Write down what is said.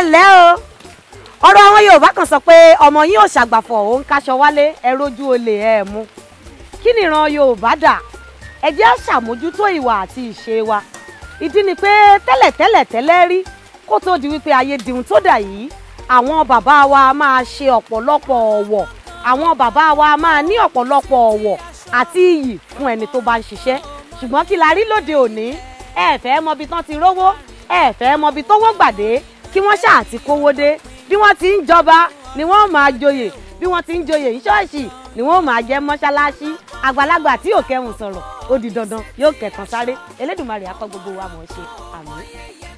ẹ ǹlẹ́ o ọ̀rọ̀ àwọn Yorùbá kan sọ pé ọmọ yín ò ṣàgbàfọ̀ òun káṣọ wálé ẹ rójú olè ẹ mú kí ni ìran Yorùbá dà ẹ jẹ́ ṣàmójútó ìwà àti ìṣe wa ìdí ni pé tẹ́lẹ̀tẹ́lẹ̀ tẹ́lẹ̀ rí kó tó di wípé ayé dìhun tó dà yìí àwọn bàbá wa máa ṣe ọ̀pọ̀lọpọ̀ ọ̀wọ̀ àwọn bàbá wa máa ní ọ̀pọ̀lọpọ̀ ọ̀wọ̀ àti iyì fún ẹni tó bá ń ṣiṣẹ́ ṣùgbọ́n kí la rí lóde òní ẹ mọbi tán ti rówó ẹ mọbi tówó gbàdé kí wọ́n ṣáà ti kówó dé bí wọ́n ti ń jọba ni wọ́n máa joyè bí wọ́n ti ń joyè ní ṣọ́ọ̀ṣì ni wọ́n máa jẹ́ mọ́ṣáláṣí àgbàlagbà tí yóò kẹ́hùn sọ̀rọ̀ ó di dandan yóò kẹ̀kan sáré Elédùmarè á gbogbo wa mọ̀ ṣe àmín.